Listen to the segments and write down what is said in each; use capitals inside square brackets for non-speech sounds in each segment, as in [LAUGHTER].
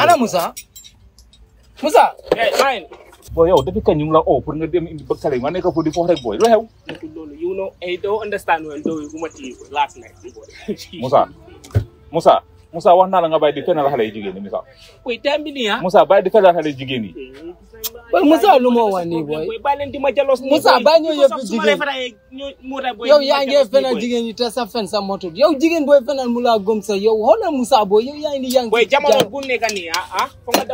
ana Moussa. Moussa. booy yow depuis la oo pour nga dem indi bëgg kale yi ma nekk foofu di foofu rek booy lu xew. loolu you ma tii last night. Moussa Moussa. Moussa wax naa la nga bàyyi di fenal xale yu jigéen ñi Moussa. oui tamit di fenal xale yu jigéen ñi. booy Moussa lu ma wax nii booy. bàyyi di ma jalos nii Moussa bàyyi ñoo yëpp jigéen yow yaa ngi jigéen ñi te sa fen sa motul yow jigéen booy fenal mu laa gom sa yow xoolal Moussa booy yow yaa ngi yang. booy jamono bu nekk nii ah ah. foog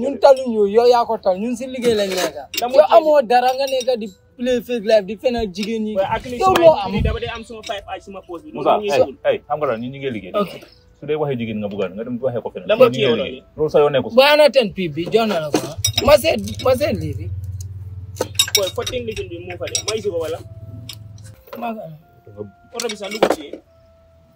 ñun taluñu yow yaa ko tal ñun si liggéey lañ nekk. yow amoo dara nga nekk di play fake life di fenal jigéen ñi. yow loo am dama dee am sama five ay sama post bi. Moussa ay xam nga daal ñu ngi liggéey. su dee waxee jigéen nga bëgg nga dem waxee ko fenal. dama kii yow loolu loolu bi jox na ko ma seet ma seet lii bi. booy fourteen bi moo fa de mooy si wala. maa ngi am oto bi sax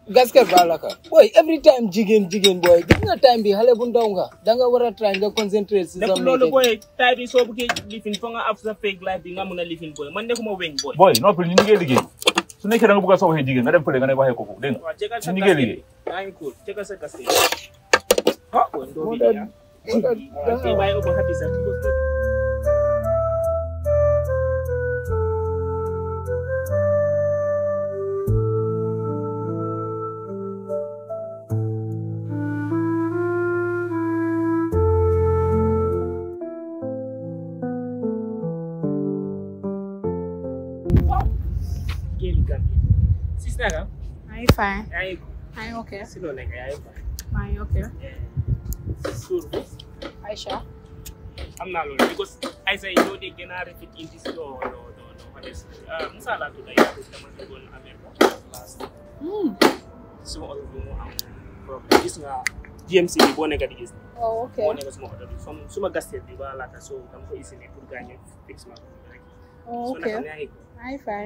Gasker Balaka booy every time jigéen jigéen booy gis time bi xale bu ndaw nga da nga war a try nga concentré si sa loolu booy time bi soo bëggee lifin fa nga am sa fake life bi nga mën a lifin da nga bëgg a soo waxee jigéen nga dem fële nga ne waxee ko foofu dégg nga su fine. maa ngi ok. si loolu nekk yaa ngi fine. maa ngi ok. suur bi. Aïcha. am naa loolu because Aïcha yi ñoo de gën a rafet indi si loo loo loo loo honestly Moussa laa tudd yaa tudd dama duggoon Amérique suma oto bi mu am problème gis nga GMC bi boo nekk di gis. oh ok boo nekk suma oto bi comme suma gastel bi ba laata so dama ko isi pour gagner fixement. oh ok so naka nga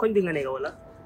koñ bi nga nekk wala.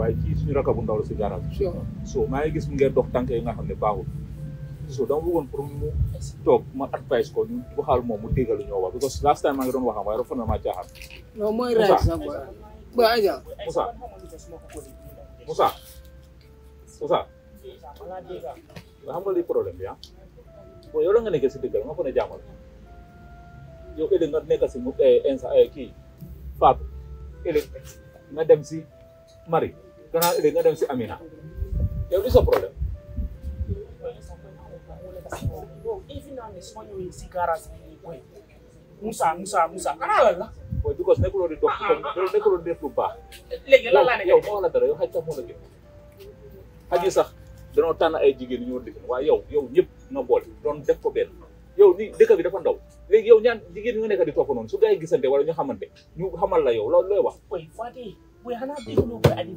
waaye kii suñu rakk ndaw la si garage so maa ngi gis mu ngeen dox tànk yi nga xam ne baaxul so dama bëggoon pour mu toog ma advice ko ñu waxal moom mu déggal ñoo wax because last time maa ngi doon waxam waaye dafa na maa caaxaan non mooy raay li problème bi ah la nga nekkee si dëggal nga fa ne jàmmal yow ëllëg nga nekk si mu eh, insa eh, kii Fatou ëllëg nga dem si Marie gannaaw ëllëg nga dem si Amina yow di sa problème. Moussa Moussa Moussa ana la la. booy because nekkuloo di dox comme nekkuloo di def lu baax. léegi lan laa nekk yow yow la dara yow xaj sax moo sax danoo tànn ay jigéen ñoo dëkk waaye yow yow ñëpp nga boole doon def ko benn. yow ni dëkk bi dafa ndaw léegi yow ñaan jigéen ñi nga nekk di topp noonu su gaa yi gisante wala ñu xamante ñu xamal la yow loolu looy wax. booy xanaa dégguloo booy Aliou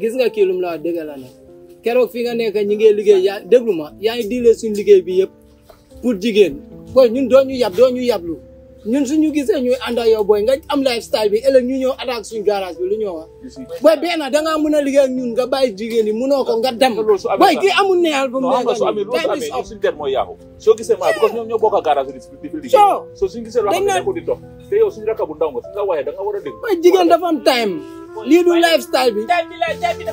gis nga kii lu mu la wax dëgg la nag fi nga nekk ñi ngi liggéey yaa déglu yaa ngi diile suñu liggéey bi yëpp pour jigéen booy ñun doo ñu yab doo ñu yablu. ñun suñu gisee ñuy ànd ak yow booy nga am lifestyle bi ëllëg ñu ñëw attaque suñu garage bi lu ñëw ah. booy benn dangaa mën a liggéey ak ñun nga bàyyi jigéen yi mënoo ko nga dem. booy kii amul neexal ba mu nekk nii tey bi soo suñu der mooy yaaxu soo gisee maa parce que ñoom ñoo bokk gisee loo xam ne nekkul di dox te da nga war a dégg. booy jigéen dafa time. lii du lifestyle bi lii du life bi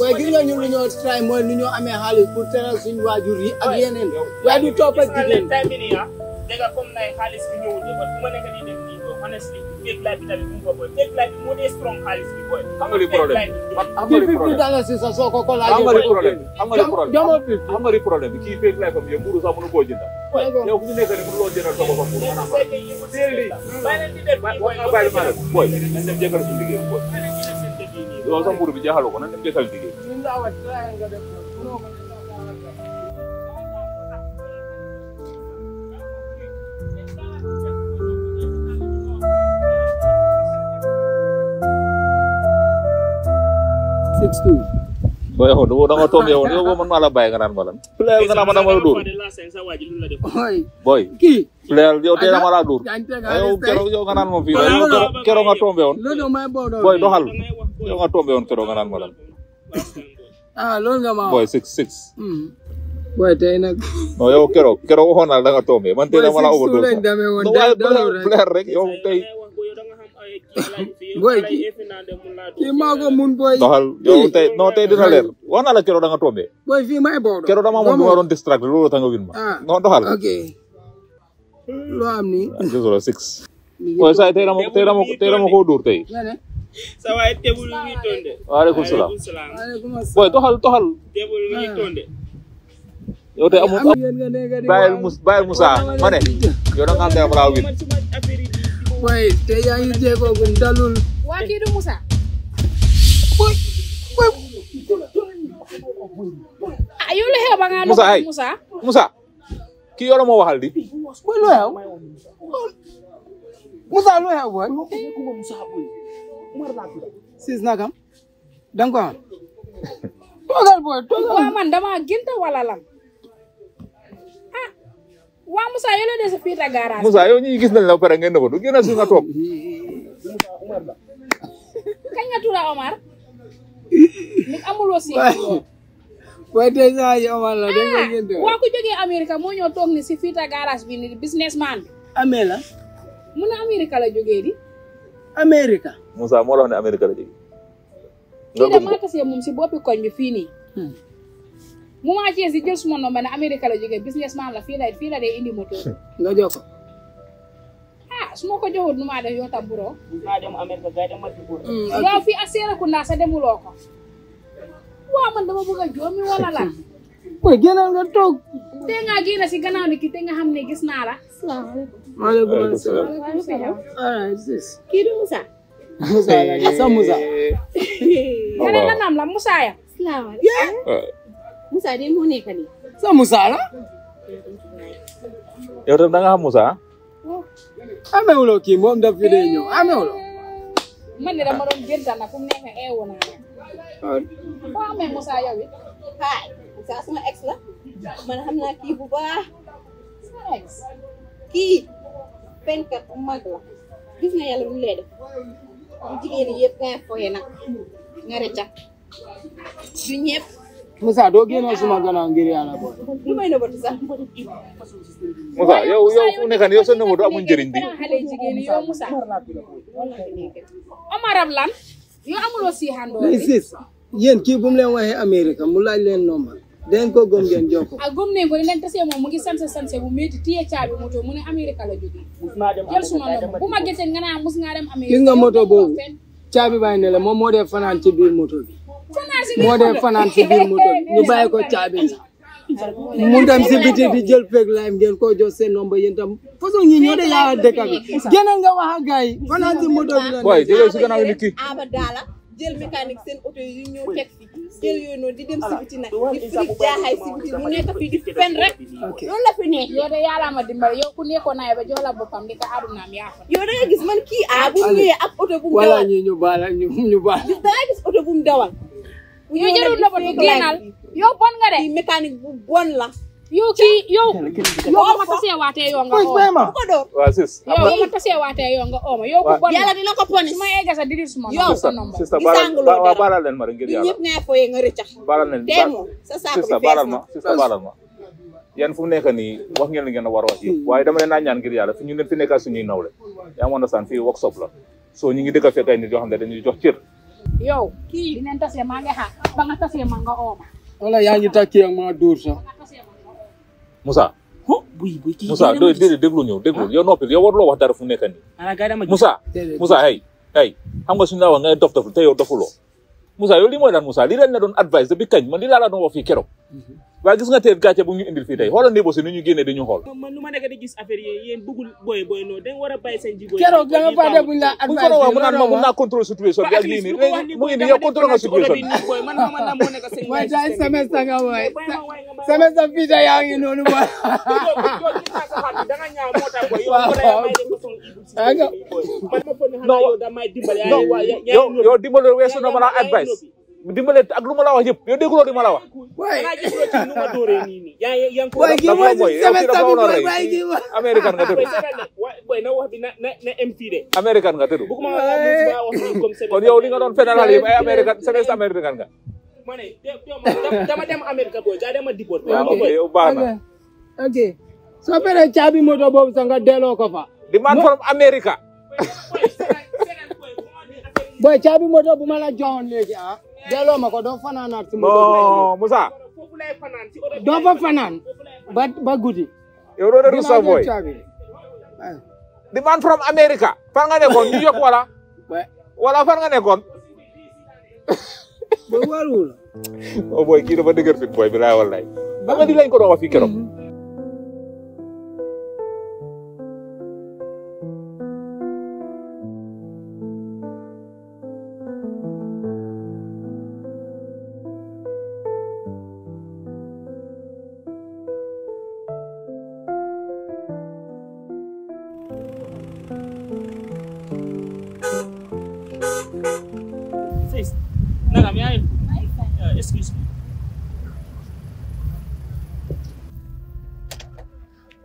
waaye gis nga ñun lu ñoo try mooy lu ñoo amee xaalis pour teral suñu waajur yi ak topp ak dégg nga comme nay xaalis bi ñëwul de man bu ma nekk nii dem nii booy honestly fake life bi tamit mu ngi ko booy fake life bi moo dee strong xaalis bi booy. xam nga li problème man xam nga li problème kii sax soo ko ko laajee. xam nga li problème xam nga li problème xam nga li problème bi kii fake life am yow mburu sax mënu koo jënd. yow ku ñu nekk nii mënuloo jëndal sa boppam mburu maanaam. tey booy nga bàyyi maa rek booy nañ dem jëkkal suñu liggéey booy. loolu sax mburu bi jaaxaloo ko nañ dem jëkkal liggéey. sexto yi. booy yow oh, du da nga tombé woon oh. yow boo man maa la bàyyi nga naan ma lan. player nga naan oh, nga naan ma fii nga naan ah, ma lan. six six. Hmm. booy tey nag. non yow keroog keroog da nga tombé man tey dama la. booy six su rek yow tey. booy kii kii maa ko mun booy. doxal yow tey non tey dina leer wax naa la keroog da nga booy fii may boodoo keroog loolu ah. am nii. ah six. tey dama tey dama tey dama koo salaam booy doxal doxal. tebul tey amul bàyyil Moussa ma ne yow da nga xam ne dafa fay te yaa ngi jéegoogum dalul. waa kii du Moussa. ah yow li xew ba nga. Moussa ay Moussa. kii yow moo waxal di. mooy loo xew. Moussa loo xew booy. siis nagam. da nga ko amal. [LAUGHS] dama gënt wala lan. waaw Moussa yow la des fii la garage. Moussa yow gis nañ la ba pare ngeen ne ko du génn nga toog. kañ nga tudd Omar. ni amuloo si. waaye tey saa yi Omar la. Ah, moo ñëw toog ni si fii ni amee la. mun na Amérique la jógee di. Amérique. Moussa moo la wax ne la jógee. nga gëm ko kii de moom si boppi koñ bi fii nii. Hmm. moment Thiès yi jël suma nomba ne Amérique la jógee businessman la la fii la dee indi moto nga jox ah su ko joxut nu maa def yow buroo maa dem Amérique gay dama ci bur yow fii man dama bëgg a joomi wala lan mooy [LAUGHS] génnal nga toog te nga génn si gannaaw ki te nga xam ne gis naa la salaamaaleykum maaleykum salaam kii di Moussa Moussa la sa Moussa [LAUGHS] nga ne naam la Moussa ya salaamaaleykum Moussa de moo nekk nii. sa Moussa la. yow tam xam Moussa. amewuloo kii moom daf fi dee ñëw amewuloo. man de dama doon gënta nag fu mu nekk eewu naa ne. boo amee Moussa yow it. haay Moussa sama ex la. bu baax. sama ex. kii. nga yàlla nag. nga rëcc. du ñëpp. Moussa doo génne suma gannaaw ngir yàlla boole. Moussa yow yow fu nekk yow sa numéro amul njëriñ bi. Omaram lan yow amuloo siixandoo. yéen kii bu mu leen waxee Amérique mu laaj leen normal. den ko gom ngeen jokko a gom ne ko ah, len tase mu ngi sanse sanse bu métti téye caabi moto mu ne la jógee jël suma nopp bu ma gësee mus nga dem Amérique gis moto boobu caabi bàyyi la moom moo def fanaan ci biir moto bi moo dee fanaan si biir moto bi ñu ko caabi mu dem di jël fekk laay ngeen ko jox seen nomba yéen tam façon ñi ñoo de yaa dëkk bi génnal nga wax ak gars yi fanaan si moto bi la boy déggoo si gannaaw ni kii jël mécanique seen oto yi ñëw teg fi jël yooyu noonu di dem si biti nag di firi jaaxaay si biti mu nekk fii di fen rek loolu la fi ne yow de yàlla ma dimbal yow ku nekkoon naay ba jox di ko yaa fa yow da nga gis man kii a ah, bu mu ñëwee ak oto bu mu dawal wala ñu ñu baal ñu da nga yow la bëgg génnal yow bon nga de. kii mécanique bu bon la. yow kii yow. yow bu ma tasee waatee yoo nga ooma. waaw sis. yow bu ma tasee waatee yoo nga ooma yow ku bon la. yàlla dina ko ponis su ma yeggee sa diri suma. yow sa nomba sista baalal leen ma rek ngir yàlla. ñëpp ngay fooyee nga rëccax. na sista baalal ma yéen fu mu nekk wax ngeen li a war a wax yëpp waaye dama leen naa ñaan ngir yàlla fi ñu leen fi nekkaa suñuy nawle yaa ngi understand fii workshop la soo ñu ngi dëkk fekk ay nit xam ne dañuy jox cër yow kii dinañ tasee maa ngi xaar ba nga tasee ma nga ooma. wala yaa ngi tàkkee ak maa dóor sax. Moussa. buy buy kii Moussa déedéet déglu ñëw déglu yow noppil yow waruloo wax dara fu mu nekk nii. Moussa Moussa hey hey xam nga suñu la wax nga dof dof te yow dofuloo Moussa yow lii mooy lan Moussa lii dañ la doon advice bi kañ ma lii laa la doon wax fii keroog mhm. waaye gis nga tey gàcce bu ñu indil fii tey xoolal Ndey Bossé ni ñu génnee di ñu xool. man di gis affaire yi yéen bëggul a keroog da nga faa [LAUGHS] def la advice bi mu la advice. dimbale ak lu ma la wax yëpp yow dégguloo di ma la wax. waaye danaa gis loo ci nu ma dooree [LAUGHS] nga tëdd. kon yow li nga doon fédéral yi ay américain semence américain nga. ma ne dama dem Amérique booy gaa caabi moto boobu sax delloo ko fa. demand from America. booy caabi moto bu ma la joxoon ah. delloo ma ko doo fanaanaat si. non Moussa. doo fa fanaan ba ba guddi. yow doo doon di eh. man from America. fan nga nekkoon New York wala. wala fan nga nekkoon. boobu warul. oh boy kii dafa dëgër fit boy bi laay wallaay. ba nga di lañ ko doon wax fii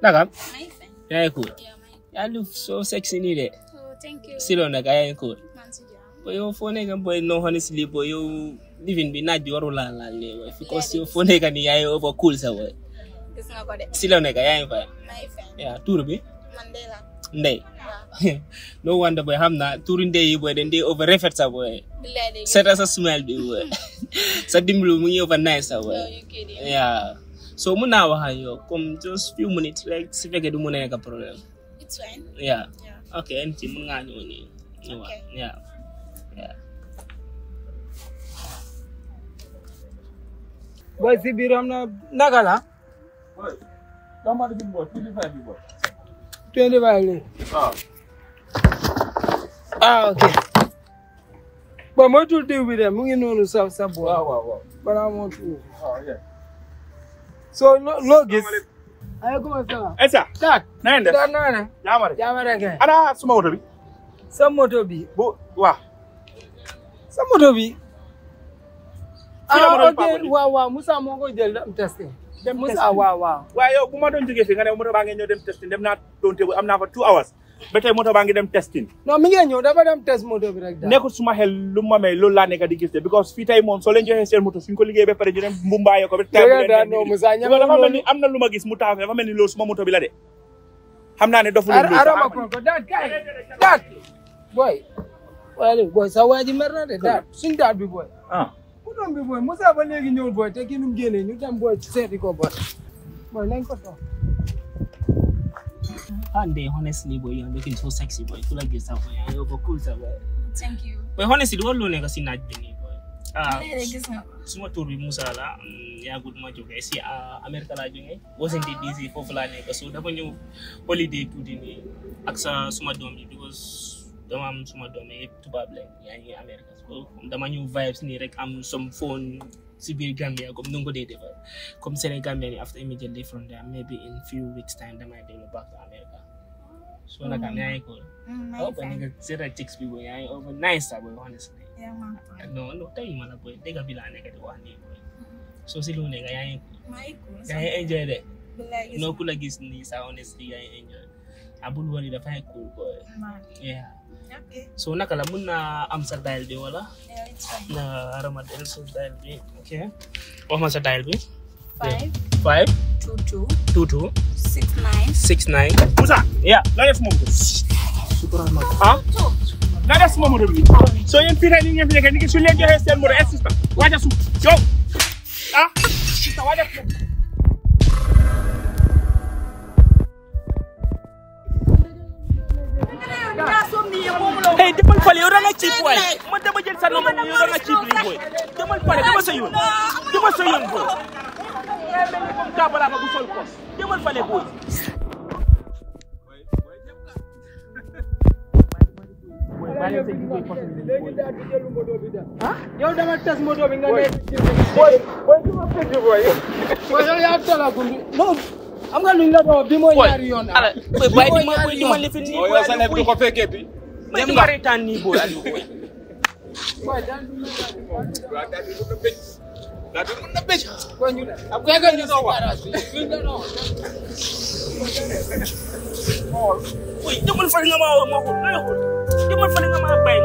Naka? Yeah, cool. Yeah, you look so sexy in it. Oh, thank you. Still on the guy, cool. But your phone can boy, no, honestly, boy, you living be not your la la because your phone can be over cool, so what? Still on the guy, but yeah, tour be Mandela. Ndey. [LAUGHS] No wonder boy, I'm not touring day, boy, then they over referred, boy. seetal sa smile bi [LAUGHS] sa dimbalu mu ngi over nice wa yeah so mun naa wax ak yow just few minutes rek si a problème yeah ok enti mun ngaa ñëw nii yeah yeah boy si biir am na naka la ah. ah ok ba moytul diw bi de mu ngi noonu sa sa bu waaw waaw waaw balaa moo tuur loo gis aleykum salaam na ngeen def da naa ne ana suma moto bi sa moto bi bu waaw sa moto bi ah ok waaw waaw moo koy jël dem testé dem Moussa waaw waaw waaw yow bu ma doon jógee fii nga ne moto baa ngeen ñëw dem testé dem naa doon tebu am naa fa two hours ba moto baa ngi dem testing. non mi ngi ñëw dafa dem test moto bi rek. nekkul suma xel lu ma may loolu laa nekk di gis de because fii tey moom soo leen joxee seen moto suñ ko liggéey ba pare ñu dem mbumbaayee ko. dafa mel ni am na lu ma gis mu taxaw dafa mel ni loolu suma moto bi la de. xam naa ne dofu la daat boy sa waa ji mer na de daat suñ daat bi boy ah moto bi boy Moussa ba léegi ñëwul boy te ki nu ñu dem boy seeti ko boy boy nañ ko toog One day, honestly, boy, you're looking so sexy, boy. Cool like yourself, boy. You're cool, sir, boy. Thank you. But honestly, the world never seen that bini, boy. suma tour bi Musa la yàggul ma jógee si Amérique laa jógee Washington DC foofu laa nekk so dafa ñëw holiday tuuti nii ak sa suma doom yi eh? because dama am suma doom yi eh? tubaab lañ yaa ngi Amérique so dama ñëw vibes nii rek am some phone si biir Gambia comme nu nga dee defal comme Sénégambia ni after immediately from there maybe in few weeks America so nag am yaa ngi ko oh bi boy yaa ngi nice sa honestly non non bi laa nekk di nii boy mm-hmm. so si lu nekk yaa ngi yaa enjoy de noo ku gis nii sa honestly yaa enjoy abul wari dafay cool boy yeah so So la mun na am sa bi wala? Yeah, it's fine. Na arama del so dial bi. Okay. Wax ma sa dial bi. 5 5 22 22 69 69 Musa, yeah, mom ko. Sukural ma. Ah? La mom do So yeen fi tay ni ngeen fi nekk ni su leen joxe seen mo Waja su. Yow. Ah? Assistant waja. mais demal fale yow da nga ciy booy man dama jël sa numéro yow da nga ciy lii booy demal fale dama sa yoon dama sa yoon booy. bu sol ko demal fale booy. ah yow dama tas moto bi nga ne. booy booy dama fekk booy. booy yow yaa talagum moom am nga luñ la doon bi mooy ñaari yoon. Ah. ala booy di ma booy di ma lifin nii booy yow sa nekk du ko fekkee bi. dem nga reetaan nii booy Aliou booy. waaw daal du na bëj. daal du na bëj. ak kay kay ñu doon wax. booy demal fële nga maa woo ma xool nga xool demal fële nga maa bay.